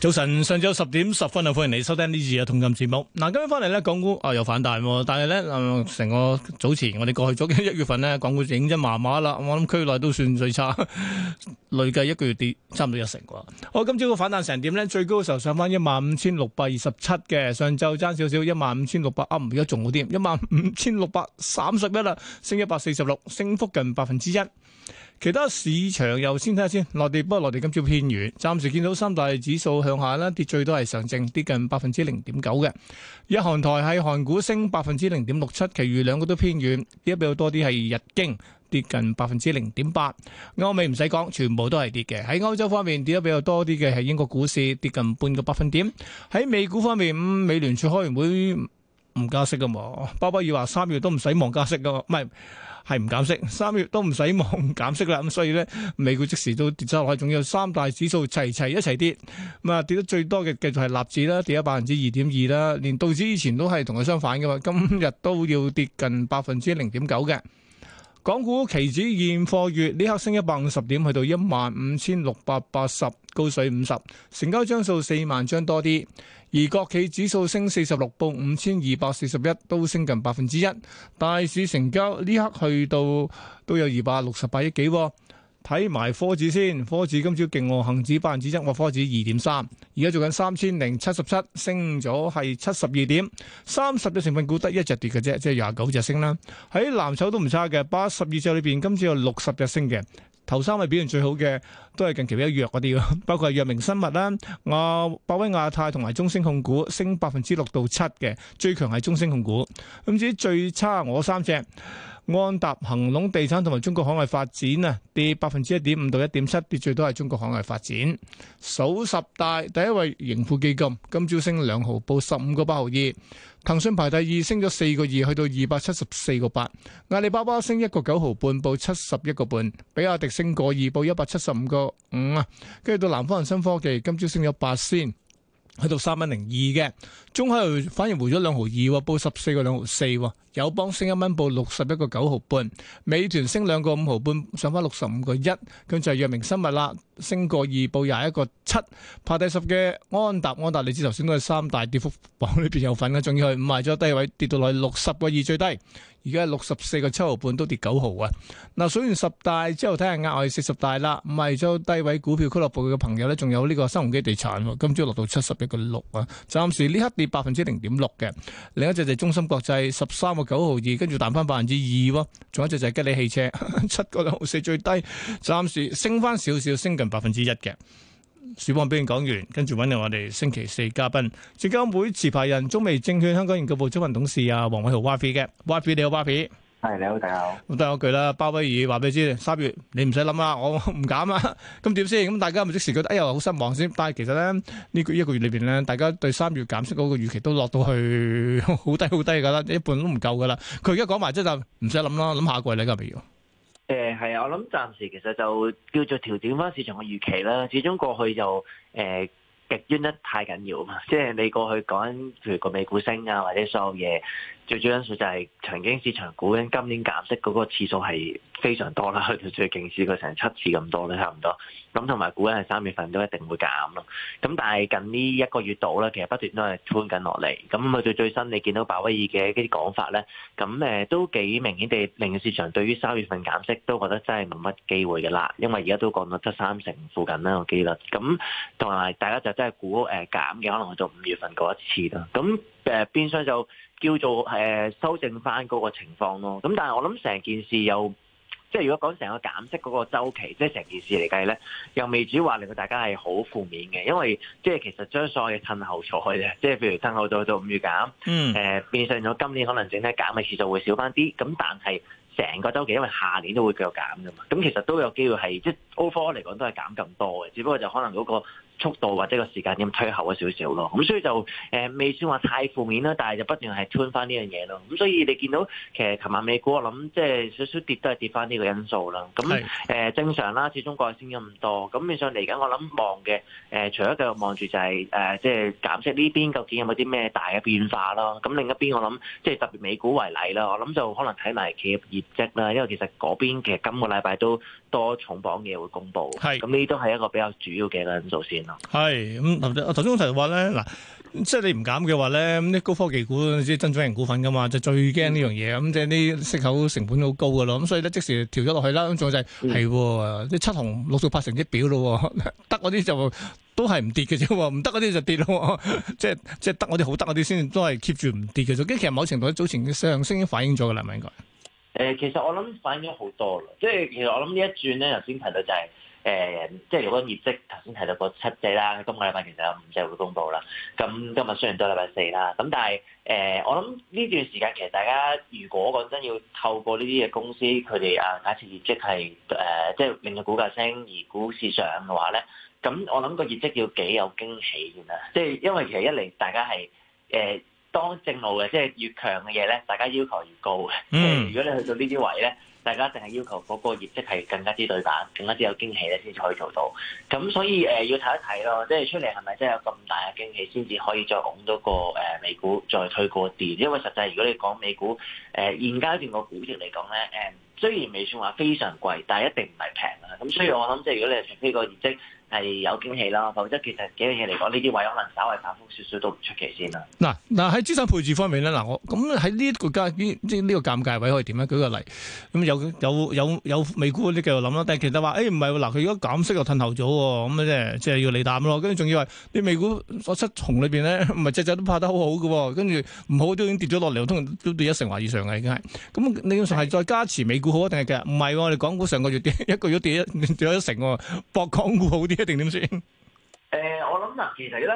早晨，上晝十點十分啊，歡迎你收聽呢次嘅《同金節目》啊。嗱，今日翻嚟咧，港股啊又反彈，但係咧，成、呃、個早前我哋過去咗一月份呢，港股影真麻麻啦。我諗區內都算最差， 累計一個月跌差唔多一成啩。我今朝個反彈成點咧？最高嘅時候上翻一萬五千六百二十七嘅，上晝爭少少一萬五千六百，15, 600，啊唔，而家仲好啲，一萬五千六百三十一啦，升一百四十六，升幅近百分之一。其他市場又先睇下先，內地不過內地今朝偏軟，暫時見到三大指數向下咧，跌最多係上證跌近百分之零點九嘅。日韓台係韓股升百分之零點六七，其餘兩個都偏軟，跌得比較多啲係日經跌近百分之零點八。歐美唔使講，全部都係跌嘅。喺歐洲方面跌得比較多啲嘅係英國股市跌近半個百分點。喺美股方面，美聯儲開完會，會。唔加息噶嘛，鮑威爾話三月都唔使望加息噶嘛，唔係係唔減息，三月都唔使望減息啦。咁所以咧，美國即時都跌咗落去，仲有三大指數齊齊一齊跌，咁啊跌得最多嘅繼續係納指啦，跌咗百分之二點二啦，連道指以前都係同佢相反噶嘛，今日都要跌近百分之零點九嘅。港股期指現貨月呢刻升一百五十點，去到一萬五千六百八十，高水五十，成交張數四萬張多啲。而國企指數升四十六，報五千二百四十一，都升近百分之一。大市成交呢刻去到都有二百六十八億幾喎。睇埋科指先，科指今朝勁喎，恒指百分之一，我科指二點三，而家做緊三千零七十七，升咗係七十二點，三十隻成分股得一隻跌嘅啫，即係廿九隻升啦。喺藍籌都唔差嘅，八十二隻裏邊今朝有六十隻升嘅，頭三位表現最好嘅，都係近期比較弱嗰啲咯，包括係藥明生物啦，我、啊、百威亞太同埋中升控股升百分之六到七嘅，最強係中升控股。咁至最，最差我三隻。安踏、恒隆地產同埋中國海外發展啊，跌百分之一點五到一點七，跌最多係中國海外發展。1, 7, 發展數十大第一位，盈富基金，今朝升兩毫，報十五個八毫二。騰訊排第二，升咗四個二，去到二百七十四個八。阿里巴巴升一個九毫半，報七十一個半。比亞迪升個二，報一百七十五個五啊。跟住到南方恆生科技，今朝升咗八仙。去到三蚊零二嘅，中海反而回咗兩毫二，報十四個兩毫四。友邦升一蚊，報六十一個九毫半。美團升兩個五毫半，上返六十五個一。咁就係藥明生物啦，升個二，報廿一個七。排第十嘅安踏安踏，你知頭先都係三大跌幅榜裏邊有份嘅，仲要係賣咗低位，跌到落去六十個二最低。而家六十四個七毫半都跌九毫啊！嗱，數完十大之後睇下額外四十大啦，唔係就低位股票俱樂部嘅朋友咧，仲有呢個新鴻基地產，今朝落到七十一個六啊，暫時呢刻跌百分之零點六嘅。另一隻就係中芯國際十三個九毫二，跟住彈翻百分之二喎。仲有一隻就係吉利汽車 七個六毫四最低，暫時升翻少少，升近百分之一嘅。曙光俾佢講完，跟住揾嚟我哋星期四嘉賓，證交會持牌人、中美證券香港研究部執行董事阿黃偉豪 Yavi 嘅 Yavi 你好 Yavi，係你好，大家好。咁多句啦，包威爾話俾你知，三月你唔使諗啦，我唔減啊，咁點先？咁大家咪即時覺得哎呀好失望先。但係其實咧呢個一個月裏邊咧，大家對三月減息嗰個預期都落到去好低好低㗎啦，一半都唔夠㗎啦。佢而家講埋即就唔使諗啦，諗下季啦，今日唔要。誒係啊，我諗暫時其實就叫做調整翻市場嘅預期啦。始終過去就誒、呃、極端得太緊要啊嘛。即係你過去講，譬如個美股升啊，或者所有嘢。最主要因素就係、是、曾經市場估緊今年減息嗰個次數係非常多啦，去到最勁試過成七次咁多都差唔多。咁同埋估緊三月份都一定會減咯。咁但係近呢一個月度咧，其實不斷都係寬緊落嚟。咁去到最新你見到鮑威爾嘅嗰啲講法咧，咁誒都幾明顯地令市場對於三月份減息都覺得真係冇乜機會嘅啦。因為而家都降到得三成附近啦，我記得。咁同埋大家就真係估誒減嘅，可能去到五月份嗰一次啦。咁誒、呃、變相就叫做誒、呃、修正翻嗰個情況咯。咁但係我諗成件事又即係如果講成個減息嗰個週期，即係成件事嚟計咧，又未至於話令到大家係好負面嘅，因為即係其實將所有嘢褪後咗啫。即係譬如褪後到到五月減，誒、呃、變相咗今年可能整體減嘅次數會少翻啲。咁但係成個週期，因為下年都會繼續減㗎嘛。咁其實都有機會係即係 overall 嚟講都係減咁多嘅，只不過就可能嗰、那個，速度或者個時間點推後咗少少咯，咁所以就誒、呃、未算話太負面啦，但係就不斷係 turn 翻呢樣嘢咯。咁所以你見到其實琴晚美股我諗即係少少跌都係跌翻呢個因素啦。咁誒是、呃、正常啦，始終過先咁多。咁面上嚟緊我諗望嘅誒，除咗繼續望住就係誒即係減息呢邊，究竟有冇啲咩大嘅變化咯？咁另一邊我諗即係特別美股為例啦，我諗就可能睇埋企業業績啦，因為其實嗰邊其實今個禮拜都多重磅嘢會公布，咁呢是都係一個比較主要嘅因素先。係咁，頭頭先我提到話咧，嗱、嗯，即係你唔減嘅話咧，咁啲高科技股，即啲增長型股份噶嘛，就是、最驚呢樣嘢咁，即係啲息口成本好高噶咯，咁所以咧即時調咗落去啦，咁仲就係係喎，啲七同六十八道成績表咯，得嗰啲就都係唔跌嘅啫，唔、哦、得嗰啲就跌咯，即係即係得嗰啲好得嗰啲先都係 keep 住唔跌嘅，其實某程度早前上升已經反映咗噶啦，係咪應該？誒，其實我諗反映咗好多啦，即係其實我諗呢一轉咧，頭先提到就係、是。誒，即係如果業績頭先提到個七仔啦，今個禮拜其實有五隻會公佈啦。咁今日雖然都係禮拜四啦，咁但係誒，我諗呢段時間其實大家如果講真要透過呢啲嘅公司，佢哋啊，假設業績係誒，即係令到股價升而股市上嘅話咧，咁我諗個業績要幾有驚喜㗎啦。即係因為其實一嚟大家係誒，當正路嘅，即係越強嘅嘢咧，大家要求越高嘅。即係，如果你去到呢啲位咧。大家淨係要求嗰個業績係更加之對版，更加之有驚喜咧，先至可以做到。咁所以誒、呃，要睇一睇咯，即係出嚟係咪真係有咁大嘅驚喜，先至可以再拱多個誒、呃、美股再推過啲。因為實際如果你講美股誒、呃、現階段個股值嚟講咧，誒、呃、雖然未算話非常貴，但係一定唔係平啦。咁所以我諗即係如果你除非個業績，係有驚喜啦，否則其實幾樣嘢嚟講，呢啲位可能稍微反覆少少都唔出奇先啦。嗱嗱喺資產配置方面咧，嗱我咁喺呢一個價，即呢個尷尬位可以點咧？舉個例咁有有有有美股嗰啲繼續諗啦，但係其實話誒唔係喎，嗱佢如果減息又褪後咗喎，咁咧即係即係要離淡咯。跟住仲要係你美股所出紅裏邊咧，唔係隻隻都拍得好好嘅，跟住唔好都已經跌咗落嚟，通都跌一成或以上嘅已經係。咁你要再加持美股好一定係其實唔係我哋港股上個月跌一個月跌咗一成喎，博港股好啲。一定點先？誒、呃，我諗嗱，其實咧，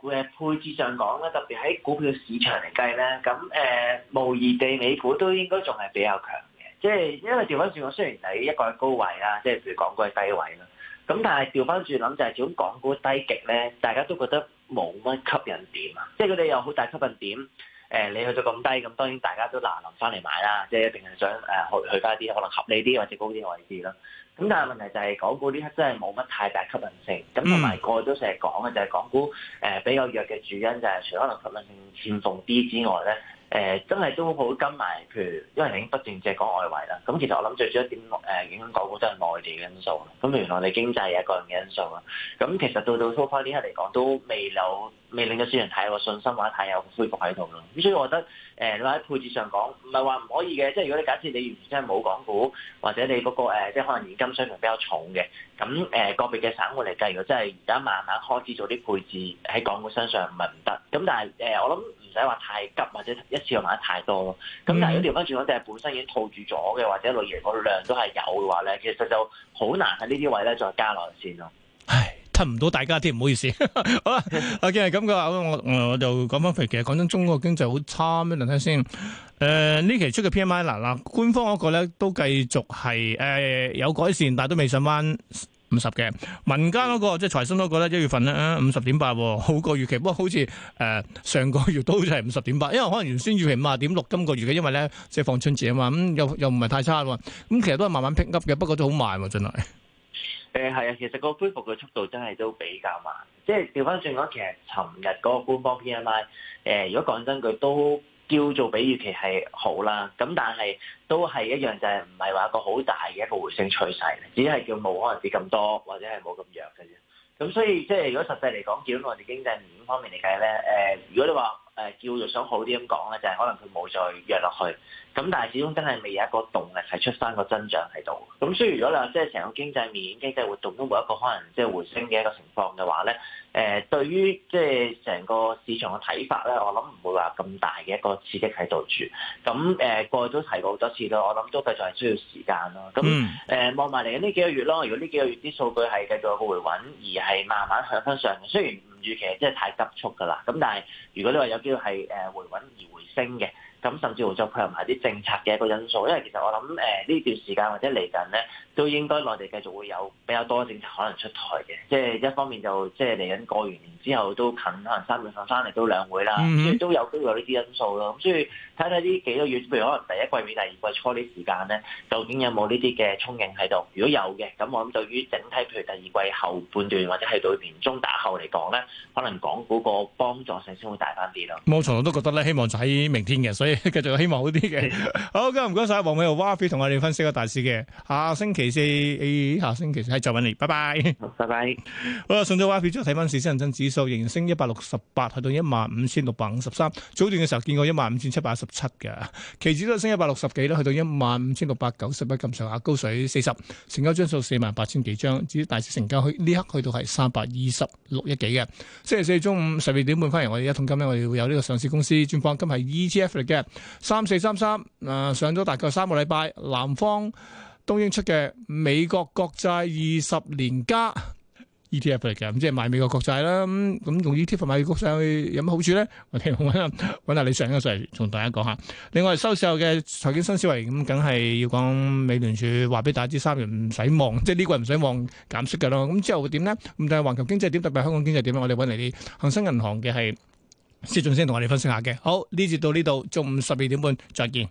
誒配置上講咧，特別喺股票市場嚟計咧，咁誒無疑地，美股都應該仲係比較強嘅。即係因為調翻轉，我雖然喺一個係高位啦，即係譬如港股係低位啦，咁但係調翻轉諗就係，如果港股低，就是、港股低極咧，大家都覺得冇乜吸引點啊，即係佢哋有好大吸引點。誒你去到咁低，咁當然大家都嗱嗱臨翻嚟買啦，即係一定係想誒去去翻啲可能合理啲或者高啲嘅位置咯。咁但係問題就係港股呢刻真係冇乜太大吸引性。咁同埋過去都成日講嘅就係港股誒比較弱嘅主因就係除咗可能吸引性欠奉啲之外咧。 誒、呃、真係都好跟埋，譬如因為你已經不斷淨講外圍啦。咁、嗯、其實我諗最主要一點誒，影響港股都係內地嘅因素咁、嗯、原來你地經濟嘅個人嘅因素啦。咁、嗯、其實到到初初呢一刻嚟講，都未有未令到市場太有信心或者太有恢復喺度咯。咁所以我覺得誒，你話喺配置上講，唔係話唔可以嘅。即係如果你假設你完全真係冇港股，或者你嗰、那個、呃、即係可能現金水平比較重嘅，咁誒個別嘅省份嚟計，呃、如果真係而家慢慢開始做啲配置喺港股身上不不，唔係唔得。咁但係誒，我諗。唔使話太急，或者一次又買得太多咯。咁但係如果調翻轉，我哋係本身已經套住咗嘅，或者類型嗰量都係有嘅話咧，其實就好難喺呢啲位咧再加落去咯。唉，得唔到大家添，唔好意思。 好啦、 okay，我見係咁嘅話，我我就講翻譬如，其實講真，中國經濟好差咩，樣睇先看看。誒、呃，呢期出嘅 P M I 嗱嗱，官方嗰個咧都繼續係誒、呃、有改善，但係都未上翻。五十嘅民間嗰、那個即係財新嗰個咧一月份咧五十點八，好過預期，不過好似誒、呃、上個月都就係五十點八，因為可能原先預期五十點六，今個月嘅因為咧即係放春節啊嘛，咁、嗯、又又唔係太差喎，咁、嗯、其實都係慢慢 pick up 嘅，不過都好慢喎，真係。誒係啊，其實個恢復嘅速度真係都比較慢，即係調翻轉講，其實尋日嗰個官方 P M I，誒、呃、如果講真佢都。叫做比預期係好啦，咁但係都係一樣就係唔係話一個好大嘅一個回升趨勢，只係叫冇可能跌咁多或者係冇咁弱嘅啫。咁所以即係如果實際嚟講，見到我哋經濟面方面嚟計咧，誒、呃，如果你話，誒、叫做想好啲咁講咧，就係、是、可能佢冇再約落去，咁但係始終真係未有一個動力係出翻個增長喺度。咁所以如果你話，即係成個經濟面、經濟活動都冇一個可能即係回升嘅一個情況嘅話咧，誒、呃、對於即係成個市場嘅睇法咧，我諗唔會話咁大嘅一個刺激喺度住。咁誒、呃、過去都提過好多次啦，我諗都繼續係需要時間咯。咁誒望埋嚟緊呢幾個月咯，如果呢幾個月啲數據係繼續個回穩，而係慢慢向翻上，雖然。預期真係太急促㗎啦，咁但係如果你話有機會係誒、呃、回穩而回升嘅，咁甚至乎再配合埋啲政策嘅一個因素，因為其實我諗誒呢段時間或者嚟緊咧。都應該內地繼續會有比較多政策可能出台嘅，即係一方面就即係嚟緊過完年之後都近，可能三月份翻嚟都兩會啦，嗯、哼會啦，所以都有都有呢啲因素咯。咁所以睇睇呢幾個月，譬如可能第一季尾、第二季初啲時間咧，究竟有冇呢啲嘅憧憬喺度？如果有嘅，咁我諗對於整體譬如第二季後半段或者係到年中打後嚟講咧，可能港股個幫助性先會大翻啲咯。冇錯，我都覺得咧，希望就喺明天嘅，所以繼續希望好啲嘅。的好，今日唔該晒黃偉豪、Wafi 同我哋分析個大市嘅下星期四、哎、下星期四再揾你，拜拜，拜拜。好啦，上晝話結束，睇翻市升陣指數，仍然升一百六十八，去到一萬五千六百五十三。早段嘅時候見過一萬五千七百一十七嘅，期指都升一百六十幾啦，去到一萬五千六百九十一，咁上下高水四十，成交張數四萬八千幾張，至於大市成交去呢刻去到係三百二十六億幾嘅。星期四中午十二點半翻嚟，我哋一桶金咧，我哋會有呢個上市公司專訪，今係 E T F 嚟嘅，三四三三啊，上咗大概三個禮拜，南方。東英出嘅美國國債二十年加 ETF 嚟嘅，咁即係買美國國債啦。咁、嗯嗯、用 ETF 買美國債有乜好處咧？我聽下，揾下你上一上嚟同大家講下。另外收市後嘅財經新思維，咁梗係要講美聯儲話俾大家知，三年唔使望，即係呢季唔使望減息噶啦。咁、嗯、之後會點咧？咁但係環球經濟點，特別係香港經濟點，我哋揾嚟啲恒生銀行嘅係薛俊先同我哋分析下嘅。好，呢節到呢度，中午十二點半再見。